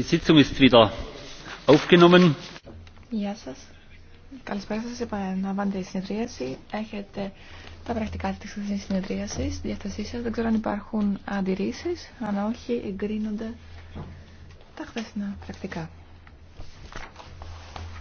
Η Γεια σα. Καλησπέρα σα, Επαναλαμβάνετε η συνεδρίαση. Έχετε τα πρακτικά τη χθεσινή συνεδρίασης στη διάθεσή σα. Δεν ξέρω αν υπάρχουν αντιρρήσει, Αν όχι, εγκρίνονται τα χθεσινά πρακτικά.